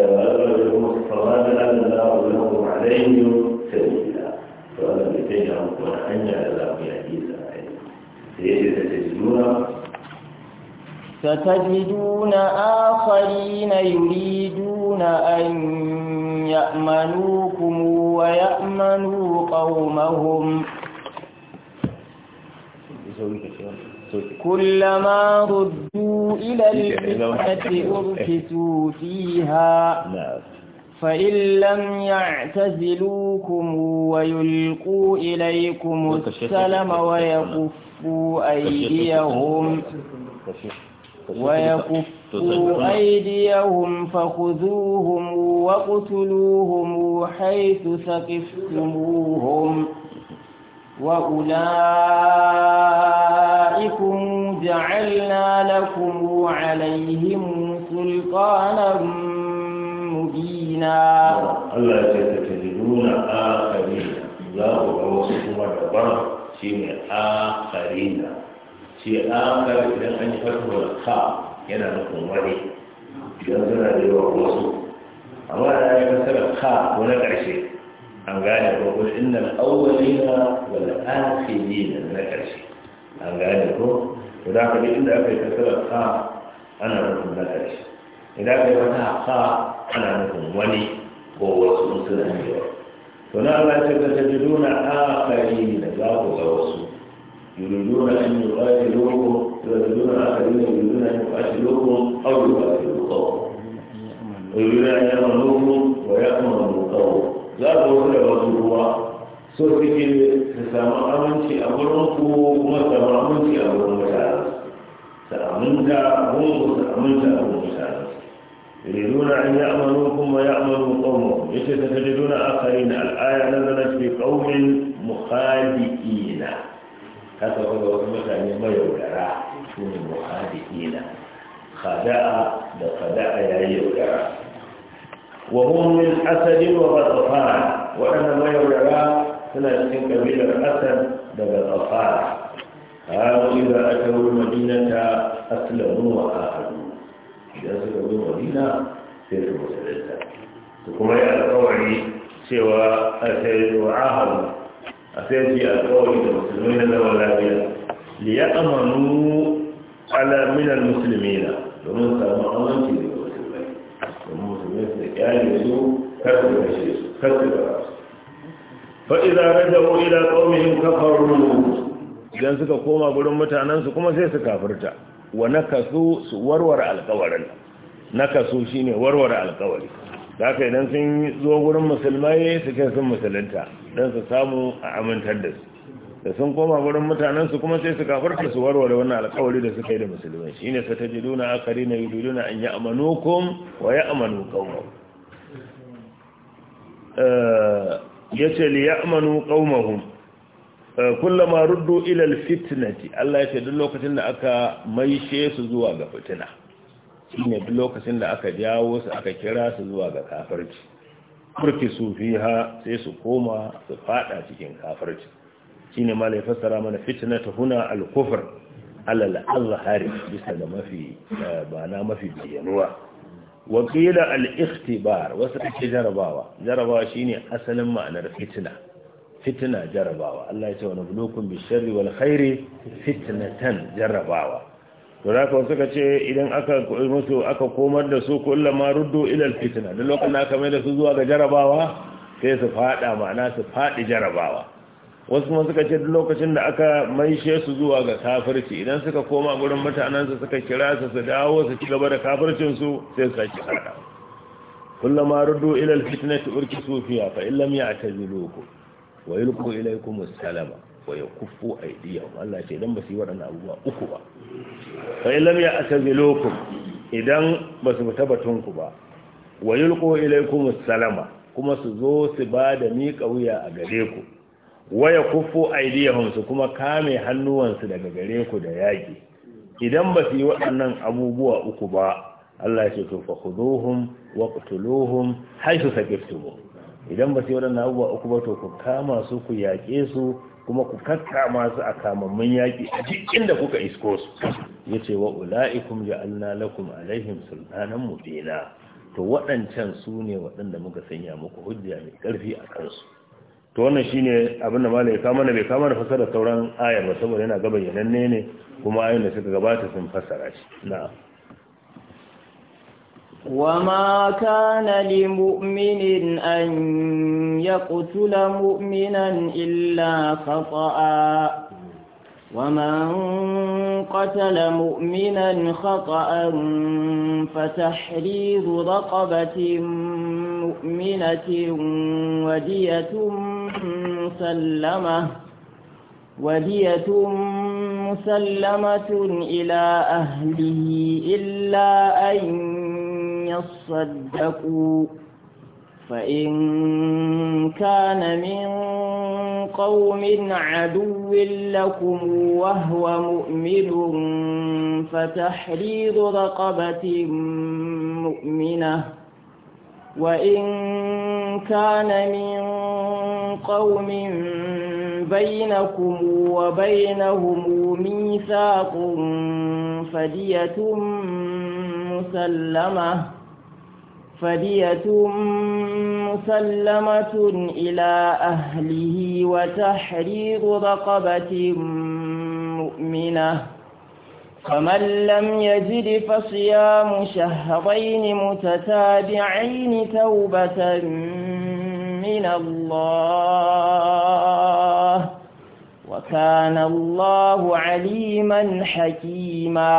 wa alƙawar da kun musalama da Allah ya ce wa alƙawar da kun musalama da Allah ya ce wa alƙawar da kun musalama da Allah ya ce ستجدون آخرين يريدون أن يأمنوكم ويأمنوا قومهم كلما ردوا إلى الفتحة أركتوا فيها فإن لم يعتزلوكم ويلقوا إليكم السلم ويكفوا ويكفوا أيديهم ويكفوا أيديهم فخذوهم وقتلوهم حيث ثقفتموهم وأولئكم جعلنا لكم عليهم سلطانا مبينا الله يتجدون آخرين لا أعوصكم أكبر shi ne akarina shi akar idan an yi fatuwar ka yana nufin wani idan suna da yawa wasu amma da ya fasara ka wani ƙarshe an gane ko kuma innal awwalina wal akhirina na ƙarshe an gane ko to da ka inda aka yi fasara ka ana nufin na ƙarshe idan aka yi fasara ka ana nufin wani ko wasu suna da yawa to na Allah ce ka tajiduna da za ku ga wasu yuriduna an yuqatilukum yuriduna akharina yuriduna an yuqatilukum aw yuqatilukum yuriduna an yamalukum wa yamalu qawm za ku ga wasu ruwa so kike ka samu aminci a gurin ku kuma samu aminci a gurin mutane a gurin mutane يريدون أن يأمنوكم ويأمنوا قومهم يتتجدون آخرين الآية نزلت في قوم مخادئين هذا هو مثلا يعني ما يولرا من مخادئين خداء بخداء يا يولرا وهم من أسد وغطفان وأنا ما يولرا سنة من الحسد الأسد بغطفان قالوا إذا أتوا المدينة أسلموا وآخروا idan suka zo madina sai su musulunta su kuma yi alkawari cewa a sai wa ahabu a sai su yi alkawari da musulmi na zama lafiya liya amanu ala minal musulmina domin samu aminci daga musulmai domin musulmai su da kyale su kar su kashe su kar su kara su fa'iza raja'u ila qawmihim idan suka koma gurin mutanensu kuma sai su kafirta wa nakasu su warware alkawarin nakasu shine warware alkawari aka idan sun zo wurin musulmai su kai sun musulunta don su samu a amintar da su da sun koma wurin mutanen kuma sai su kafarta su warware wannan alkawari da suka yi da musulmai shine sa tajiduna akarina yuduna an kum wa ya ya'manu ya eh, yace li amanu qawmahum Eh, kullama ruddu ila alfitnati Allah ya ce duk lokacin da aka maishe su zuwa ga fitina shine duk lokacin da aka jawo su aka kira su zuwa ga kafirci kurki su fiha sai su koma su fada cikin kafirci shine malai fassara mana fitnatu huna al-kufr alal azhari bisa da mafi ba eh, na mafi biyanuwa wa qila al-ikhtibar wasu ake jarabawa jarabawa shine asalin ma'anar fitna fitina jarabawa Allah ya ce wa bulukun bisharri wal khairi fitnatan jarabawa to da ka suka ce idan aka musu aka komar da su kullama ruddu ila al fitna duk lokacin da aka mai da su zuwa ga jarabawa sai su fada ma'ana su fadi jarabawa wasu kuma suka ce duk lokacin da aka maishe su zuwa ga kafirci idan suka koma gurin mutanen su suka kira su su dawo su ci gaba da kafircin su sai su saki fada kullama ruddu ila al fitnati urkisu fiha fa illam ya'tazilukum wa yulqu ilaykum kuma salama wa yakuffu aydiyahum Allah ce dan ba su yi waɗannan abubuwa uku ba fa in lam ya'tazilukum idan ba su fita batunku ba wa yulqu ilaykum kuma salama kuma su zo su ba da miƙa wuya a gare ku waya yi aidiyahun su kuma kame hannuwansu daga gare ku da yaƙi idan ba su yi waɗannan abubuwa uku ba Allah ce to fa khuduhum wa qtuluhum haythu saqiftum idan ba sai waɗannan abubuwa uku ba to ku kama su ku yaƙe su kuma ku kakkama su a kamammin yaƙi a duk inda kuka isko su ya ce wa ula'ikum ja'alna lakum alaihim sultanan mubina to waɗancan su ne waɗanda muka sanya muku hujja mai ƙarfi a kansu to wannan shine abin da malai kama na bai kama da fasara sauran ayar ba saboda yana gaba yananne ne kuma ayoyin da suka gabata sun fasara shi na'am وما كان لمؤمن أن يقتل مؤمنا إلا خطأ ومن قتل مؤمنا خطأ فتحريض رقبة مؤمنة ودية مسلمة ودية مسلمة إلى أهله إلا أن يصدقوا فإن كان من قوم عدو لكم وهو مؤمن فتحريض رقبة مؤمنة وإن كان من قوم بينكم وبينهم ميثاق فدية مسلمة فدية مسلمة إلى أهله وتحرير رقبة مؤمنة فمن لم يجد فصيام شهرين متتابعين توبة من الله وكان الله عليما حكيما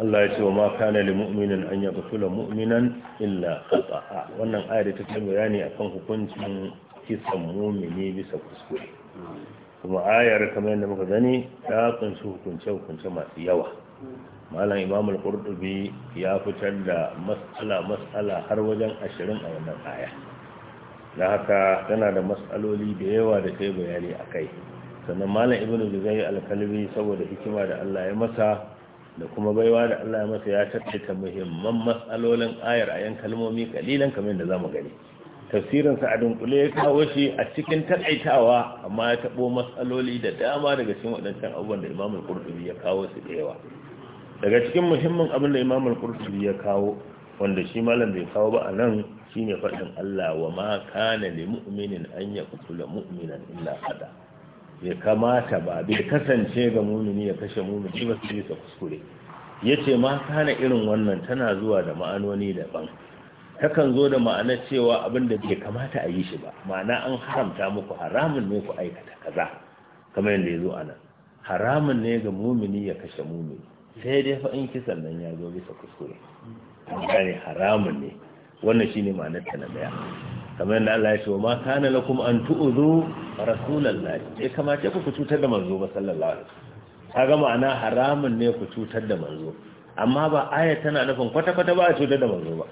الله يسوى ما كان لمؤمن أن يقتل مؤمنا إلا خطأ wannan ayar ta ce bayani akan hukuncin kisan mumini bisa kuskure kuma ayar kamar yadda muka gani ta kunshi hukunce hukunce masu yawa malam imam al-qurtubi ya fitar da mas'ala matsala har wajen ashirin a wannan aya Na haka tana da matsaloli da yawa da kai bayani kai. sannan malam ibnu juzai al-kalbi saboda hikima da Allah ya masa da kuma baiwa da Allah ya masa ya tattaita muhimman matsalolin ayar a yan kalmomi kalilan kamar da zamu gani tafsirin sa adun kule ya kawo shi a cikin takaitawa amma ya tabo matsaloli da dama daga cikin waɗancan abubuwan da Imam al-Qurtubi ya kawo su da yawa daga cikin muhimmin abin da Imam al-Qurtubi ya kawo wanda shi malam bai kawo ba a nan shine faɗin Allah wa ma kana lil mu'minin an yaqtula mu'minan illa qada bai kamata ba bai kasance ga mumini ya kashe mumini ba su bisa kuskure ya ce ma kana irin wannan tana zuwa da ma'anoni daban takan zo da ma'ana cewa abin da bai kamata a yi shi ba ma'ana an haramta muku haramun ne ku aikata kaza kamar yadda ya zo ana haramun ne ga mumini ya kashe mumini sai dai fa in kisan nan ya zo bisa kuskure haramun ne wannan shi ma'anar ta na daya kamar yadda Allah ya ce ma kana lakum an tu'udhu rasulallahi ya kamace ku ku cutar da manzo ba sallallahu alaihi wasallam kaga ma'ana haramun ne ku cutar da manzo amma ba aya tana nufin kwata kwata ba a cutar da manzo ba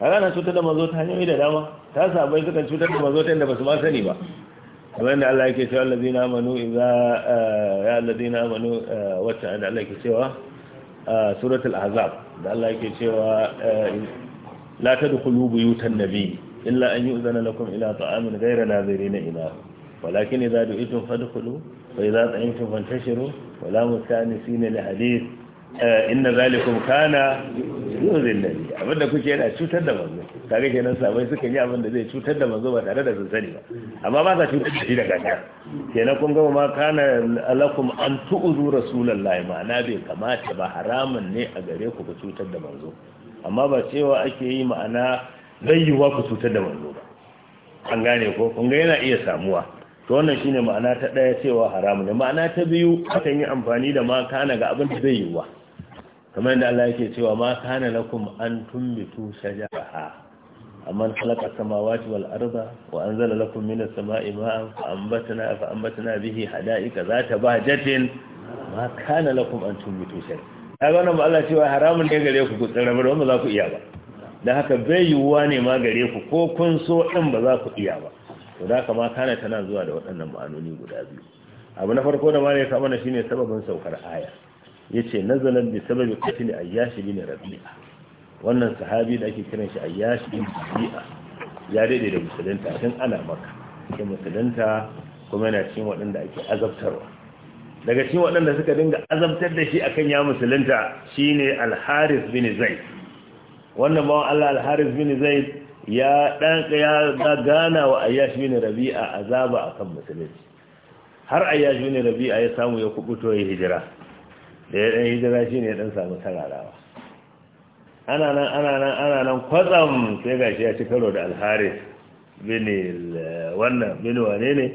kaga ana cutar da manzo ta hanyoyi da dama ta sabai sukan cutar da manzo ta inda ba su ma sani ba kamar yadda Allah yake cewa allazina amanu idza eh, ya allazina amanu eh, wacce da Allah yake cewa eh, suratul ahzab da Allah yake cewa la tadkhulu buyutan nabiy illa an yu'zana lakum ila ta'amin ghayra nazirina ila walakin idza du'itum fadkhulu wa idza ta'imtum fantashiru wa la mustanisin li hadith inna zalikum kana yu'zi nabiy abinda kuke yana cutar da manzo kaga kenan sabai suka yi abinda zai cutar da manzo ba tare da sun sani ba amma ba sa da shi kenan kun gama ma kana alakum an tu'zu rasulullahi ma na bai kamata ba haramun ne a gare ku ku cutar da manzo amma ba cewa ake yi ma'ana zayyuwa ku cutar da wando ba an gane ko kun yana iya samuwa to wannan shine ma'ana ta daya cewa haramu ne ma'ana ta biyu akan yi amfani da makana ga abin da zai yiwuwa. kamar yadda Allah yake cewa ma kana lakum an tumbitu shajaraha amman khalaqa samawati wal arda wa anzala lakum minas samai ma'an fa anbatna fa anbatna bihi hada'ika zata bahjatin ma kana lakum an tumbitu shajaraha kaga wannan ba Allah cewa haramun ne gare ku ku tsira ba za ku iya ba da haka bai yiwuwa ne ma gare ku ko kun so ɗin ba za ku iya ba to da kama kana tana zuwa da waɗannan ma'anoni guda biyu abu na farko da mara ya kama na shine sababin saukar aya yace nazalan bi sababi qatl ayyash bin rabi'a wannan sahabi da ake kiran shi ayyash bin rabi'a ya daidai da musulunta tun ana maka ke musulunta kuma yana cikin waɗanda ake azabtarwa daga cikin waɗanda suka dinga azabtar da shi akan ya musulunta shine al-haris bin zaid wannan bawan Allah al-haris bin zaid ya dan ya gana wa ayyash bin rabi'a azaba akan musulunci har ayyash bin rabi'a ya samu ya kubuto ya hijira da ya dan hijira shine ya dan samu sararawa ana nan ana nan ana nan kwatsam sai gashi ya ci karo da al-haris bin eh, wannan bin wane ne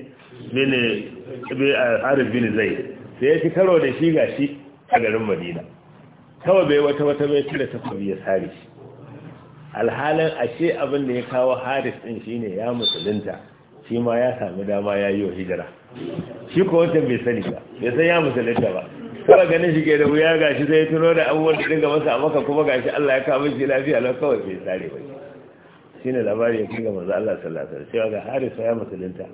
bin eh, al-haris bin zaid Sai ya ci karo da shi ga shi a garin madina kawai bai wata wata mai shi da takobi ya sare shi alhalin ashe abin da ya kawo haris din shine ya musulunta shi ma ya sami dama ya yi wa hijira shi ko wata mai sani ba bai san ya musulunta ba kawai ganin shi ke da wuya ga shi sai tuno da abubuwan da dinga masa a maka kuma ga shi Allah ya kawo shi lafiya lau kawai bai sare ba Shi ne labari ya kinga manzo Allah sallallahu alaihi wasallam cewa ga haris ya musulunta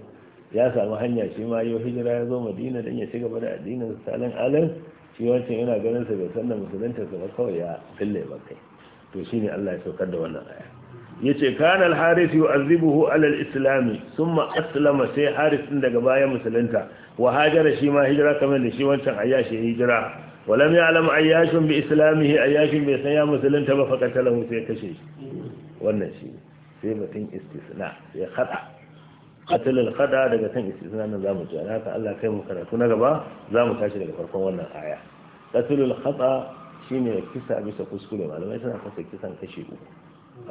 ya samu hanya shi ma yau hijira ya zo madina don ya ci gaba da addinin salin alin shi wancan yana ganin sa bai sanna musulunta ba kawai ya fille ba kai to ne Allah ya saukar da wannan aya ce kana al-harith yu'azzibuhu ala al-islam thumma aslama sai harith din daga baya musulunta wa hajara shi ma hijira kamar da shi wancan ayyashi hijira walam ya'lam ayyashun bi islamihi ayyashun bai san ya musulunta ba faqatalahu sai kashe shi wannan shi sai batun istisna sai khata قتل الخدع daga kan istisnan nan zamu ji haka Allah kai mu karatu na gaba zamu tashi daga farkon wannan aya qatl al khata shine kisa bisa kuskure malamai suna kasa kisan kashi uku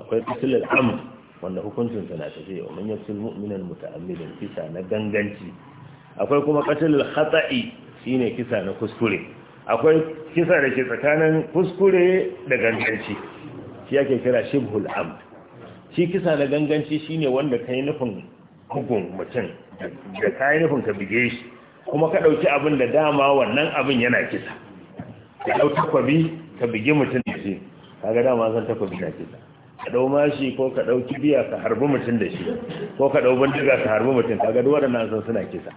akwai qatl al amr wanda hukuncin sa na tafi wa man yaqtul mu'minan muta'ammidan kisa na ganganci akwai kuma qatl al khata'i shine kisa na kuskure akwai kisa da ke tsakanin kuskure da ganganci shi ake kira shibhul amr shi kisa na ganganci shine wanda kai nufin hukun mutum da yi nufin ka bige shi kuma ka ɗauki abin da dama wannan abin yana kisa ka ɗau takwabi ka bige mutum da shi kaga dama zan takwabi na kisa ka ɗau mashi ko ka ɗau kibiya ka harbi mutum da shi ko ka ɗau bindiga ka harbi mutum kaga duwar waɗannan san suna kisa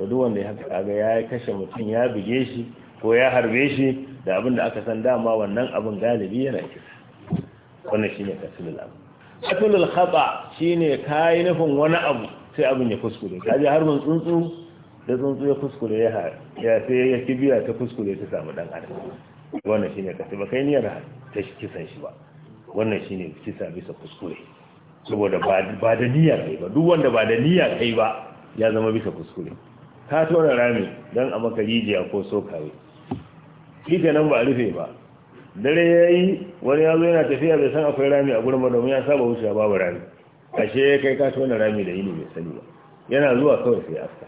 to duk wanda ya ga ya kashe mutum ya bige shi ko ya harbe shi da abin da aka san dama wannan abin galibi yana kisa wannan shine kasilul abu shi ne shine yi nufin wani abu sai abin ya kuskure kaje har mun tsuntsu da tsuntsu ya kuskure ya ya sai ya kibiya ta kuskure ta samu dan adam wannan shine kace ba kai niyyar ta kisan shi ba wannan shine kisa bisa kuskure saboda ba da niyya kai ba duk wanda ba da niyya kai ba ya zama bisa kuskure ka tona rami dan a maka rijiya ko sokawe ita nan ba a rufe ba dare ya yi wani ya zo yana tafiya bai san akwai rami a gurin domin ya saba wucewa babu rami ashe ya kai kasu wani rami da yini mai sani ba yana zuwa kawai sai afka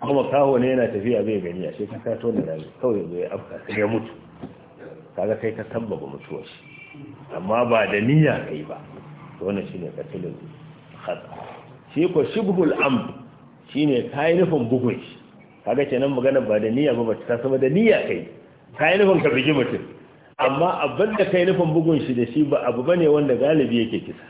kuma kawo ne yana tafiya bai gani ashe ka kasu wani rami kawai zai afka sai ya mutu kaga kai ka sabbaba mutuwar shi amma ba da niyya kai ba to wannan shine katilin khata shi ko shibhul amd shine kai nufin bugun shi kaga kenan magana ba da niyya ba ba ta saba da niyya kai kai nufin ka bigi mutum amma abin da kai nufin bugun shi da shi ba abu bane wanda galibi yake kisa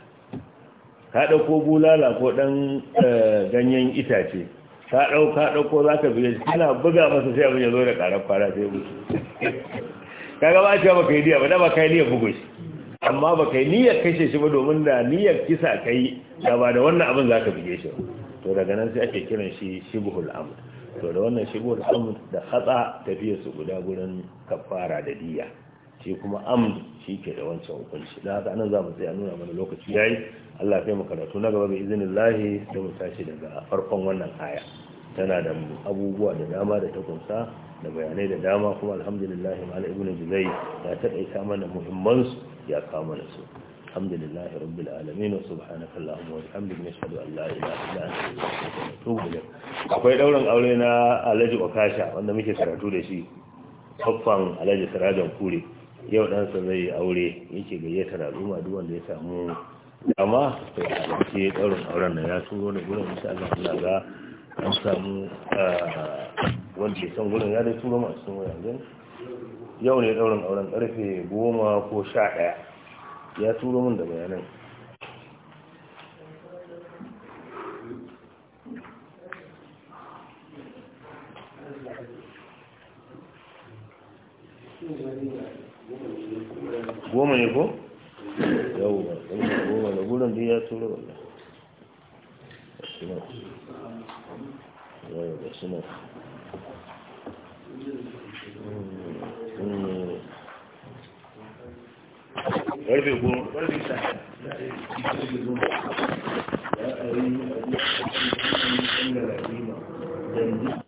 ka dauko bulala ko dan eh, ganyen itace ka dauka ka dauko zaka biye shi kana buga masa sai abin ya zo da karar fara sai buci kaga ba ta ba kai diya ba da ba kai niyyar bugun shi amma ba kai niyyar kashe shi ba domin da niyyar kisa kai da ba da wannan abin zaka bige shi to daga nan sai ake kiran shi shibhul amr to da wannan shibhul amr da khata tafiyar su guda gurin kafara da diya shi kuma amdu shi ke da wancan hukunci da haka anan za mu tsaya nuna mana lokaci yayi Allah ya mu karatu na gaba bi iznillahi da mu tashi daga farkon wannan aya tana da abubuwa da dama da ta kunsa da bayanai da dama kuma alhamdulillah mal ibn juzai ya taƙaita mana muhimman su ya kawo mana su alhamdulillah rabbil alamin wa subhanaka allahumma wa bihamdika nashhadu an la ilaha illa anta astaghfiruka wa atubu akwai dauran aure na Alhaji Okasha wanda muke karatu da shi kafan Alhaji sarajan Kure yau ɗansa zai yi aure yake da al'umma duk wanda ya samu dama sai a ɗauke ɗaurin auren da ya turo da gurin insha Allah Allah ga an samu ah, wanda ya san gurin ya dai turo masu sun yanzu yau ne ɗaurin auren ƙarfe goma ko sha ɗaya ya turo min da bayanan Thank you. goma ne ko yau ba ɗauki goma da gudun da ya tura wannan suna yau da suna ƙarfe goma ƙarfe sa